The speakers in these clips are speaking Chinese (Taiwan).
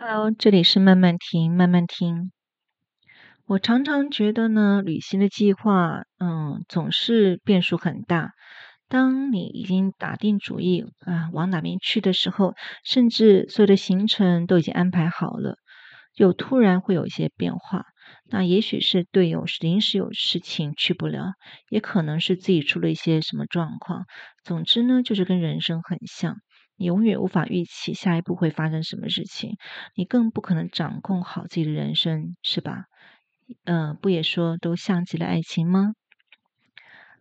哈嘍，這裡是慢慢聽，慢慢聽。我常常覺得呢，旅行的計劃，嗯，總是變數很大。當你已經打定主意啊、呃，往哪邊去的時候，甚至所有的行程都已經安排好了，又突然會有一些變化。那也許是隊友臨時有事情去不了，也可能是自己出了一些什麼狀況。總之呢，就是跟人生很像。你永遠無法預期下一步會發生什麼事情，你更不可能掌控好自己的人生，是吧？呃，不也說都像極了愛情嗎？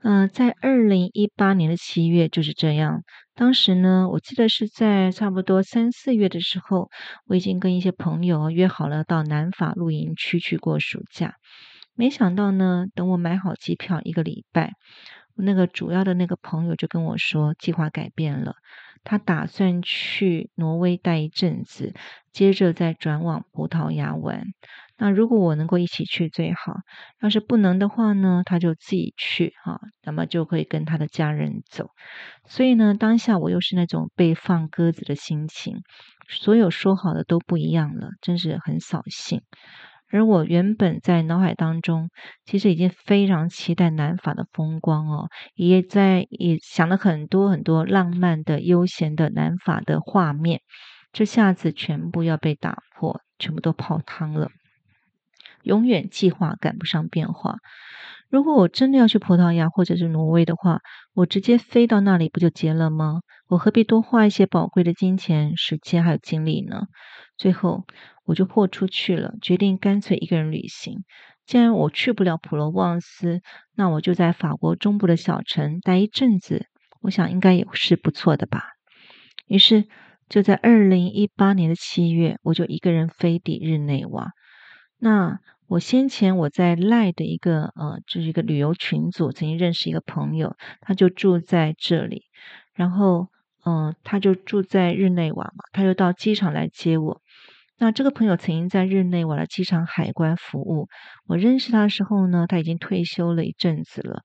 呃，在二零一八年的七月就是這樣。當時呢，我記得是在差不多三四月的時候，我已經跟一些朋友約好了到南法露營區去過暑假。沒想到呢，等我買好機票一個禮拜。那個主要的那個朋友就跟我說，計劃改變了，他打算去挪威待一陣子，接着再轉往葡萄牙玩。那如果我能夠一起去最好，要是不能的話呢，他就自己去哈、啊，那麼就可以跟他的家人走。所以呢，當下我又是那種被放鴿子的心情，所有說好的都不一樣了，真是很掃興。而我原本在腦海當中，其實已經非常期待南法的風光哦，也在也想了很多很多浪漫的、悠閒的南法的畫面，這下子全部要被打破，全部都泡湯了，永遠計劃趕不上變化。如果我真的要去葡萄牙或者是挪威的話，我直接飛到那裡不就結了嗎？我何必多花一些寶貴的金錢、時間還有精力呢？最後，我就豁出去了，決定乾脆一個人旅行。既然我去不了普羅旺斯，那我就在法國中部的小城待一陣子，我想應該也是不錯的吧。於是，就在二零一八年的七月，我就一個人飛抵日內瓦。那。我先前我在 Line 的一個呃，就是一個旅遊群組，曾經認識一個朋友，他就住在這裡，然後嗯、呃，他就住在日內瓦嘛，他就到機場來接我。那這個朋友曾經在日內瓦的機場海關服務，我認識他的時候呢，他已經退休了一陣子了。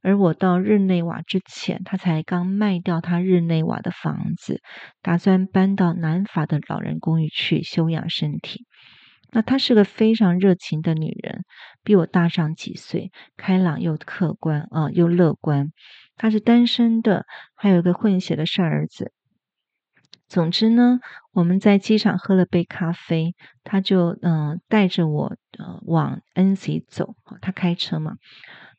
而我到日內瓦之前，他才剛賣掉他日內瓦的房子，打算搬到南法的老人公寓去休養身體。那她是個非常熱情的女人，比我大上幾歲，開朗又客觀啊、呃，又樂觀。她是單身的，還有一個混血的帥兒子。總之呢，我們在機場喝了杯咖啡，她就嗯、呃、帶着我呃往 Annecy 走，她他開車嘛。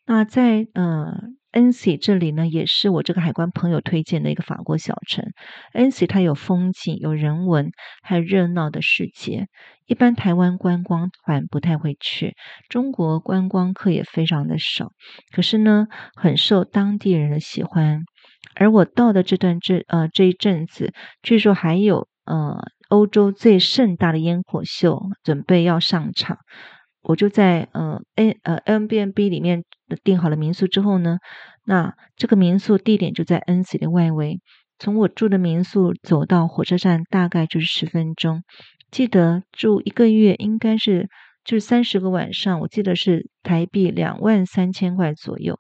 那在嗯。呃 Annecy 這裡呢，也是我這個海關朋友推薦的一個法國小城。Annecy 它有風景，有人文，還有熱鬧的市街。一般台灣觀光團不太會去，中國觀光客也非常的少。可是呢，很受當地人的喜歡。而我到的這段這呃這一陣子，據說還有呃歐洲最盛大的煙火秀準備要上場。我就在呃 a 呃 Airbnb 裡面訂好了民宿之後呢，那這個民宿地點就在 Annecy 的外圍，從我住的民宿走到火車站大概就是十分鐘。記得住一個月應該是就是三十個晚上，我記得是台幣兩萬三千塊左右。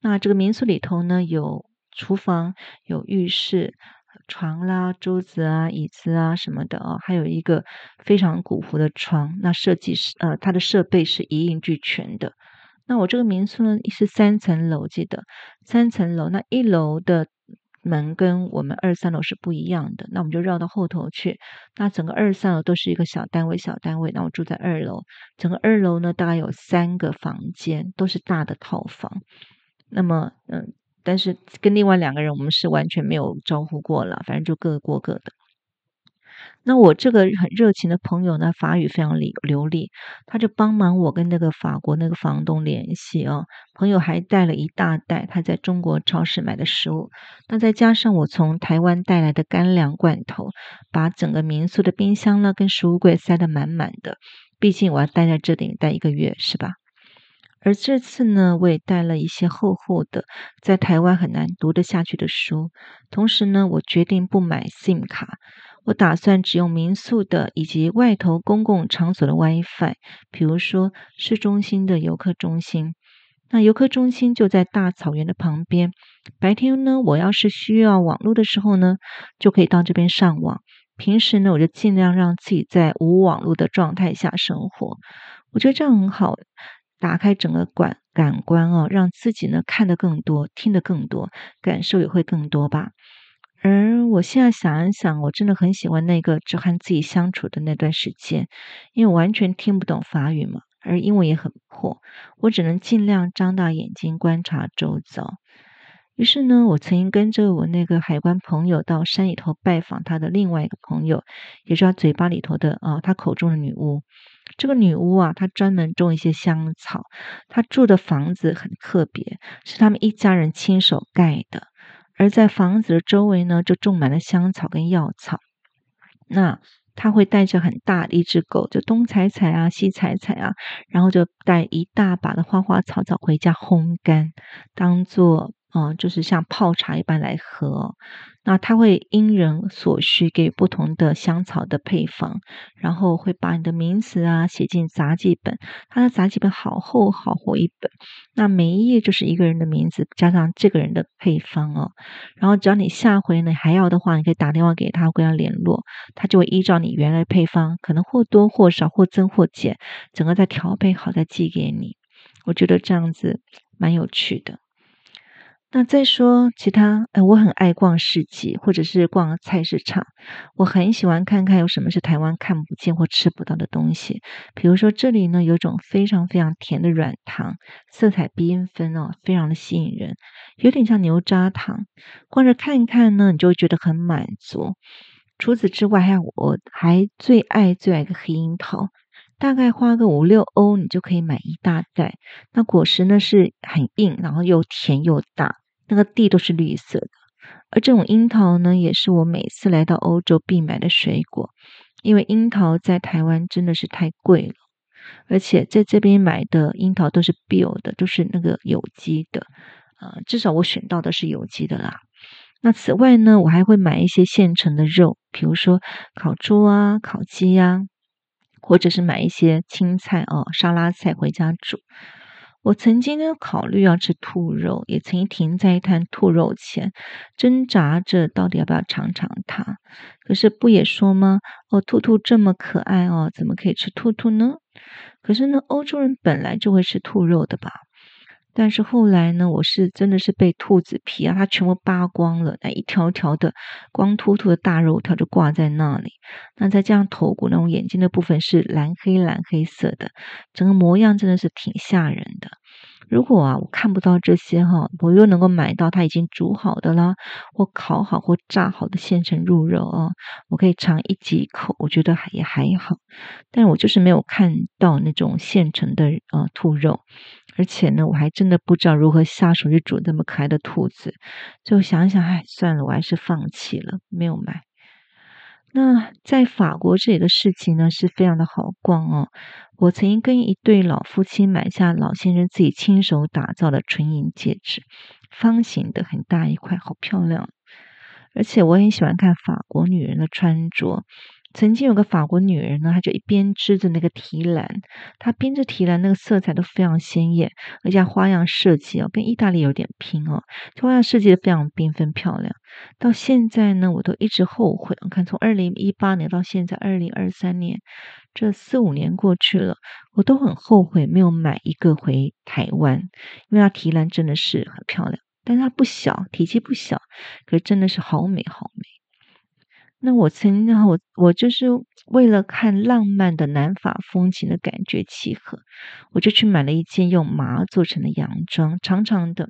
那這個民宿裡頭呢，有廚房，有浴室。床啦、啊、桌子啊、椅子啊什麼的哦，還有一個非常古樸的床。那設計師呃，它的設備是一應俱全的。那我這個民宿呢，是三層樓，記得三層樓。那一樓的門跟我們二三樓是不一樣的。那我們就繞到後頭去。那整個二三樓都是一個小單位，小單位。那我住在二樓，整個二樓呢大概有三個房間，都是大的套房。那麼嗯。但是跟另外兩個人，我們是完全沒有招呼過了，反正就各過各的。那我這個很熱情的朋友呢，法語非常流流利，他就幫忙我跟那個法國那個房東聯繫啊、哦。朋友還帶了一大袋他在中國超市買的食物，那再加上我從台灣帶來的乾糧罐頭，把整個民宿的冰箱呢跟食物櫃塞得滿滿的。畢竟我要待在這裡待一個月，是吧？而這次呢，我也帶了一些厚厚的，在台灣很難讀得下去的書。同時呢，我決定不買 SIM 卡，我打算只用民宿的以及外頭公共場所的 WiFi。比如說市中心的遊客中心，那遊客中心就在大草原的旁邊。白天呢，我要是需要網絡的時候呢，就可以到這邊上網。平時呢，我就盡量讓自己在無網絡的狀態下生活。我覺得這樣很好。打開整個感感官哦，讓自己呢看得更多，聽得更多，感受也會更多吧。而我現在想一想，我真的很喜歡那個只和自己相處的那段時間，因為完全聽不懂法語嘛，而英文也很破，我只能儘量張大眼睛觀察周遭。於是呢，我曾經跟着我那個海關朋友到山裡頭拜訪他的另外一個朋友，也是他嘴巴裡頭的啊，他口中的女巫。這個女巫啊，她專門種一些香草。她住的房子很特別，是他們一家人親手蓋的。而在房子的周圍呢，就種滿了香草跟藥草。那她會帶着很大的一隻狗，就東採採啊，西採採啊，然後就帶一大把的花花草草回家烘乾，當做。嗯，就是像泡茶一般來喝哦，那他會因人所需給不同的香草的配方，然後會把你的名字啊寫進雜記本，他的雜記本好厚好厚一本，那每一頁就是一個人的名字加上這個人的配方哦，然後只要你下回你還要的話，你可以打電話給他跟他聯絡，他就會依照你原來配方，可能或多或少或增或減，整個再調配好再寄給你，我覺得這樣子蠻有趣的。那再說其他，哎、呃，我很愛逛市集，或者是逛菜市場。我很喜歡看看有什麼是台灣看不見或吃不到的東西。比如說這裡呢，有種非常非常甜的軟糖，色彩繽紛哦，非常的吸引人，有點像牛軋糖。光是看一看呢，你就會覺得很滿足。除此之外，還有，我還最愛最愛一個黑櫻桃，大概花個五六歐，你就可以買一大袋。那果實呢是很硬，然後又甜又大。那個地都是綠色的，而這種櫻桃呢，也是我每次來到歐洲必買的水果，因為櫻桃在台灣真的是太貴了，而且在這邊買的櫻桃都是 bio 的，都是那個有機的，啊、呃，至少我選到的是有機的啦。那此外呢，我還會買一些現成的肉，比如說烤豬啊、烤雞呀、啊，或者是買一些青菜哦，沙拉菜回家煮。我曾經呢考慮要吃兔肉，也曾經停在一攤兔肉前，掙扎着到底要不要嘗嘗它。可是不也說嗎？哦，兔兔這麼可愛哦，怎麼可以吃兔兔呢？可是呢，歐洲人本來就會吃兔肉的吧？但是後來呢，我是真的是被兔子皮啊，它全部扒光了，那一條條的光禿禿的大肉條就掛在那裡。那再加上頭骨那種眼睛的部分是藍黑藍黑色的，整個模樣真的是挺嚇人的。如果啊，我看不到這些哈、哦，我又能夠買到它已經煮好的啦，或烤好或炸好的現成入肉肉、哦、啊，我可以嘗一幾口，我覺得也還好。但是我就是沒有看到那種現成的呃兔肉，而且呢，我還真的不知道如何下手去煮那麼可愛的兔子，就想想，哎，算了，我還是放棄了，沒有買。那在法國這裡的市集呢，是非常的好逛哦。我曾經跟一對老夫妻買下老先生自己親手打造的純銀戒指，方形的很大一塊，好漂亮。而且我很喜歡看法國女人的穿着。曾經有個法國女人呢，她就一邊織着那個提籃，她編織提籃那個色彩都非常鮮艷，而且花樣設計哦，跟意大利有點拼哦，就花樣設計得非常繽紛漂亮。到現在呢，我都一直後悔。我看從二零一八年到現在二零二三年，這四五年過去了，我都很後悔沒有買一個回台灣，因為它提籃真的是很漂亮，但是它不小，體積不小，可是真的是好美，好美。那我曾經的話，我我就是為了看浪漫的南法風情的感覺契合，我就去買了一件用麻做成的洋裝，長長的。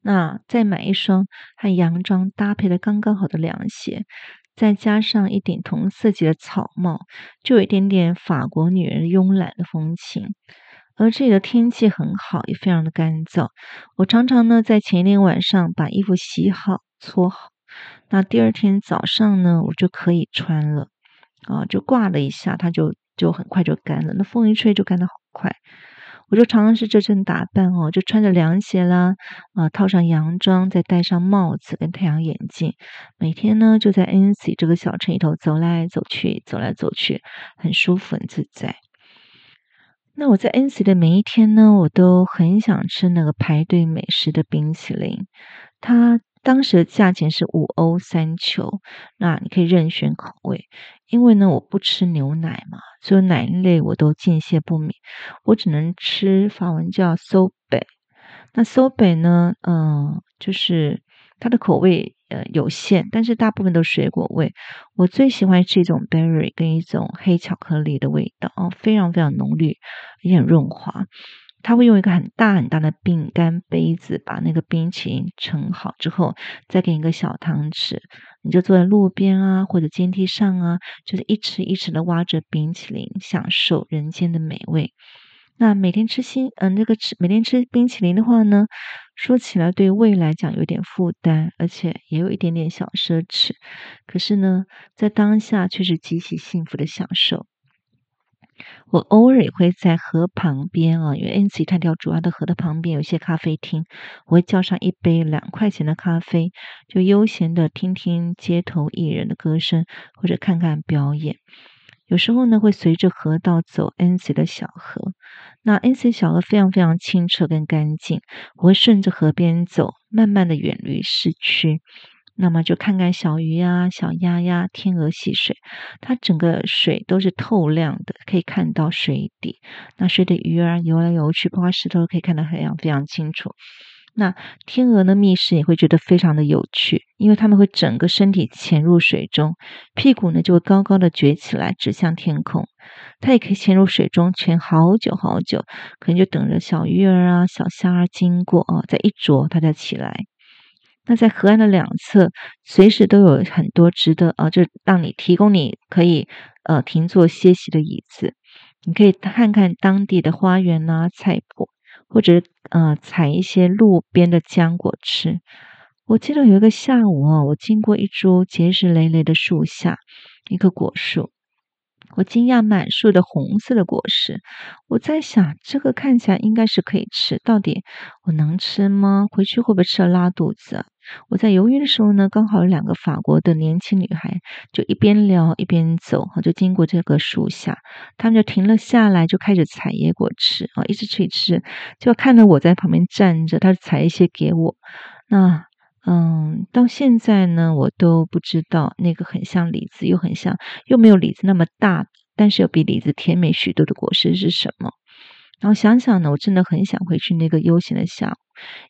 那再買一雙和洋裝搭配的剛剛好的涼鞋，再加上一頂同色系的草帽，就有一點點法國女人慵懶的風情。而這裡的天氣很好，也非常的乾燥。我常常呢在前一天晚上把衣服洗好、搓好。那第二天早上呢，我就可以穿了啊，就掛了一下，它就就很快就乾了。那風一吹就乾得好快。我就常常是這身打扮哦，就穿着涼鞋啦，啊，套上洋裝，再戴上帽子跟太陽眼鏡，每天呢就在 Annecy 這個小城裡頭走來走去，走來走去，很舒服，很自在。那我在 Annecy 的每一天呢，我都很想吃那個排隊美食的冰淇淋，它。當時的價錢是五歐三球，那你可以任選口味。因為呢，我不吃牛奶嘛，所以奶類我都敬謝不敏，我只能吃法文叫 sobe。那 sobe 呢，嗯、呃，就是它的口味呃有限，但是大部分都是水果味。我最喜歡是一種 berry 跟一種黑巧克力的味道哦，非常非常濃郁，也很潤滑。他會用一個很大很大的餅乾杯子把那個冰淇淋盛好之後，再給你一個小湯匙，你就坐在路邊啊，或者階梯上啊，就是一匙一匙的挖着冰淇淋，享受人間的美味。那每天吃冰，嗯、呃，那個吃每天吃冰淇淋的話呢，說起來對胃來講有點負擔，而且也有一點點小奢侈。可是呢，在當下卻是極其幸福的享受。我偶爾也會在河旁邊啊，因為 Annecy 這條主要的河的旁邊有一些咖啡廳，我會叫上一杯兩塊錢的咖啡，就悠閒的聽聽街頭藝人的歌聲，或者看看表演。有時候呢，會隨着河道走 Annecy 的小河。那 Annecy 小河非常非常清澈跟乾淨，我會順着河邊走，慢慢的遠離市區。那麼就看看小魚呀、啊、小鴨呀、天鵝戲水，它整個水都是透亮的，可以看到水底。那水的魚兒游來游去，包括石頭可以看得很非常清楚。那天鵝的覓食也會覺得非常的有趣，因為它們會整個身體潛入水中，屁股呢就會高高的撅起來，指向天空。它也可以潛入水中潛好久好久，可能就等着小魚兒啊、小蝦兒經過啊、哦，再一啄它再起來。那在河岸的兩側，隨時都有很多值得啊，就讓你提供你可以呃停坐歇息的椅子，你可以看看當地的花園吶、啊、菜圃，或者呃採一些路邊的漿果吃。我記得有一個下午啊，我經過一株結實纍纍的樹下，一棵果樹。我驚訝滿樹的紅色的果實，我在想這個看起來應該是可以吃，到底我能吃嗎？回去會不會吃了拉肚子？我在猶豫的時候呢，剛好有兩個法國的年輕女孩就一邊聊一邊走，就經過這個樹下，她們就停了下來，就開始採野果吃啊，一直吃一吃，就看到我在旁邊站着，她就採一些給我，那。嗯，到現在呢，我都不知道那個很像李子又很像又沒有李子那麼大，但是又比李子甜美許多的果實是什麼。然後想想呢，我真的很想回去那個悠閒的下午，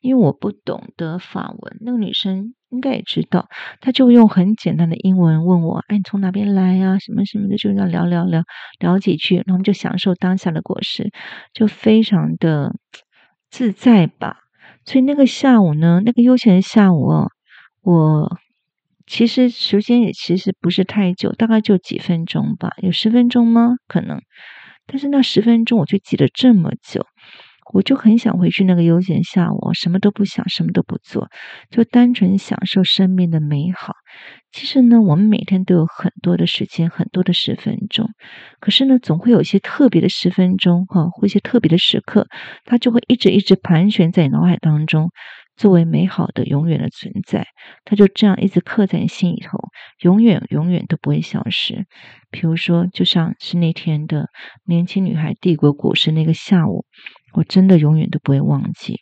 因為我不懂得法文，那個女生應該也知道，她就用很簡單的英文問我：“哎，你從哪邊來呀？什麼什麼的，就這樣聊聊聊聊幾句，然後我們就享受當下的果實，就非常的自在吧。”所以那個下午呢，那個悠閒的下午哦，我其實時間也其實不是太久，大概就幾分鐘吧，有十分鐘嗎？可能，但是那十分鐘，我就記得這麼久。我就很想回去那個悠閒下午，什麼都不想，什麼都不做，就單純享受生命的美好。其實呢，我們每天都有很多的時間，很多的十分鐘，可是呢，總會有一些特別的十分鐘，哈，或一些特別的時刻，它就會一直一直盤旋在腦海當中，作為美好的永遠的存在。它就這樣一直刻在你心裡頭，永遠永遠都不會消失。比如說，就像是那天的年輕女孩遞過果實的那個下午。我真的永遠都不會忘記。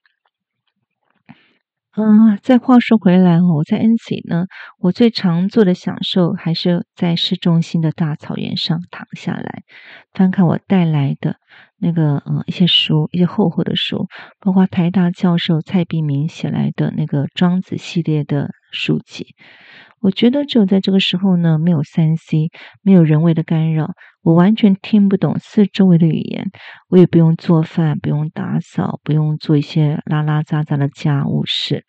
嗯，再話說回來哦，我在 Annecy 呢，我最常做的享受還是在市中心的大草原上躺下來，翻看我帶來的那個呃、嗯、一些書，一些厚厚的書，包括台大教授蔡碧明寫來的那個《莊子》系列的書籍。我覺得只有在這個時候呢，沒有三 C，沒有人為的干擾，我完全聽不懂四周圍的語言，我也不用做飯，不用打掃，不用做一些拉拉雜雜的家務事，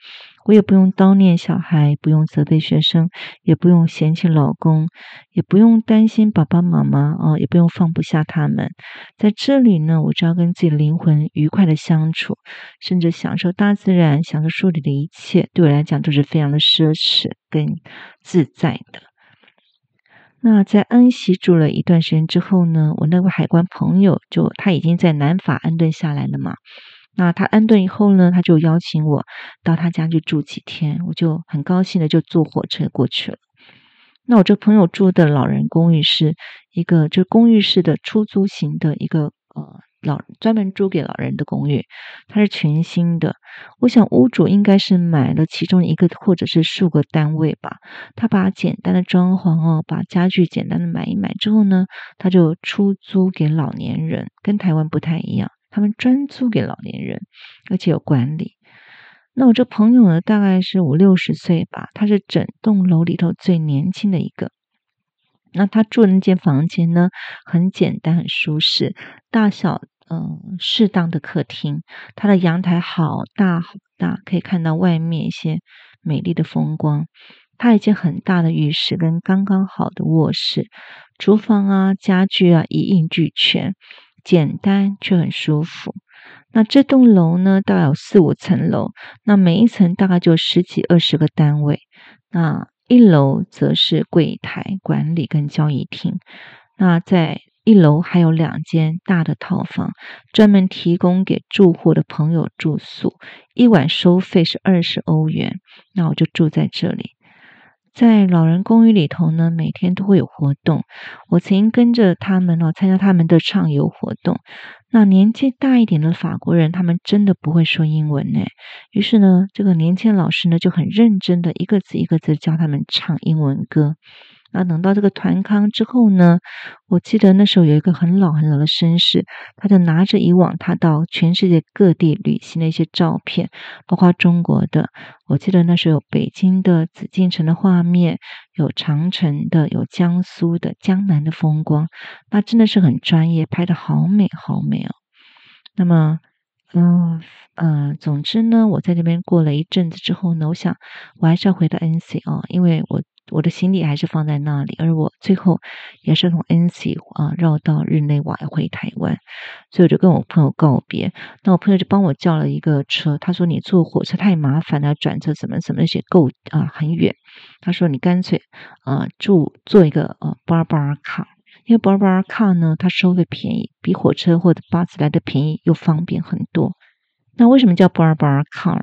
我也不用叨念小孩，不用責備學生，也不用嫌棄老公，也不用擔心爸爸媽媽啊、哦，也不用放不下他們。在這裡呢，我就要跟自己的靈魂愉快的相處，甚至享受大自然，享受樹裡的一切，對我來講都是非常的奢侈。更自在的。那在安錫住了一段時間之後呢，我那個海關朋友就他已經在南法安頓下來了嘛。那他安頓以後呢，他就邀請我到他家去住幾天，我就很高興的就坐火車過去了。那我這朋友住的老人公寓是一個就公寓式的出租型的一個呃。老專門租給老人的公寓，它是全新的。我想屋主應該是買了其中一個或者是數個單位吧。他把簡單的裝潢哦，把家具簡單的買一買之後呢，他就出租給老年人。跟台灣不太一樣，他們專租給老年人，而且有管理。那我這朋友呢，大概是五六十歲吧，他是整棟樓裡頭最年輕的一個。那他住的那間房間呢？很簡單，很舒適，大小嗯適當的客廳，它的陽台好大好大，可以看到外面一些美麗的風光。它有一間很大的浴室跟剛剛好的臥室，廚房啊、家具啊一應俱全，簡單卻很舒服。那這棟樓呢，大概有四五層樓，那每一層大概就十幾二十個單位，那。一樓則是櫃檯、管理跟交易廳。那在一樓還有兩間大的套房，專門提供給住戶的朋友住宿，一晚收費是二十歐元。那我就住在這裡。在老人公寓裡頭呢，每天都會有活動。我曾經跟着他們哦，參加他們的唱遊活動。那年紀大一點的法國人，他們真的不會說英文呢。於是呢，這個年輕老師呢，就很認真的一個字一個字教他們唱英文歌。那等到這個團康之後呢，我記得那時候有一個很老很老的紳士，他就拿着以往他到全世界各地旅行的一些照片，包括中國的。我記得那時候有北京的紫禁城的畫面，有長城的，有江蘇的江南的風光。那真的是很專業，拍得好美，好美哦。那麼，嗯、呃、嗯，總之呢，我在這邊過了一陣子之後呢，我想我還是要回到 Annecy，因為我。我的行李還是放在那裡，而我最後也是從恩 c 啊，繞到日內瓦回台灣，所以我就跟我朋友告別。那我朋友就幫我叫了一個車，他說你坐火車太麻煩了，轉車怎麼怎麼那些夠啊、呃、很遠。他說你乾脆啊、呃、住做一個呃巴爾巴爾卡，Car，因為巴爾巴爾卡呢它收費便宜，比火車或者巴士來的便宜又方便很多。那為什麼叫巴爾巴爾卡？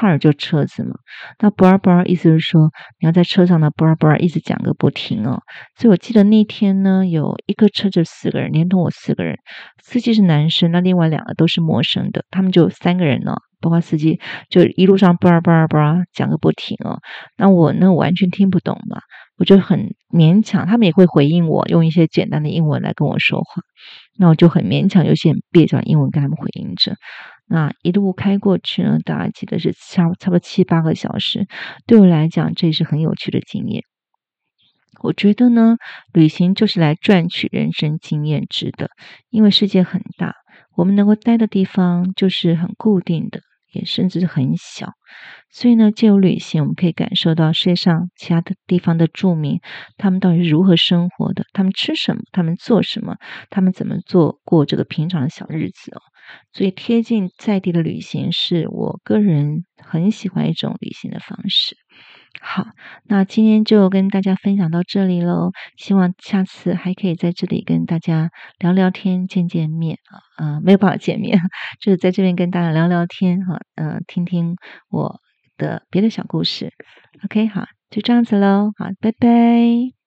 哈爾就車子嘛，那布拉布拉意思就是說你要在車上呢，布拉布拉一直講個不停哦。所以我記得那天呢，有一個車就四個人，連同我四個人，司機是男生，那另外兩個都是陌生的，他們就三個人呢、哦，包括司機，就一路上布拉布拉布拉講個不停哦。那我呢，我完全聽不懂嘛，我就很勉強，他們也會回應我，用一些簡單的英文來跟我說話。那我就很勉強，有些很蹩腳的英文跟他們回應着。那一路開過去呢，大家記得是差差不多七八個小時。對我來講，這也是很有趣的經驗。我覺得呢，旅行就是來賺取人生經驗值的，因為世界很大，我們能夠待的地方就是很固定的。也甚至是很小，所以呢，借由旅行，我們可以感受到世界上其他的地方的住民，他們到底是如何生活的，他們吃什麼，他們做什麼，他們怎麼做過這個平常的小日子哦。所以，貼近在地的旅行是我個人。很喜歡一種旅行的方式。好，那今天就跟大家分享到這裡嘍。希望下次還可以在這裡跟大家聊聊天、見見面啊啊、呃，沒有辦法見面，就是在這邊跟大家聊聊天哈。嗯、呃，聽聽我的別的小故事。OK，好，就這樣子嘍。好，拜拜。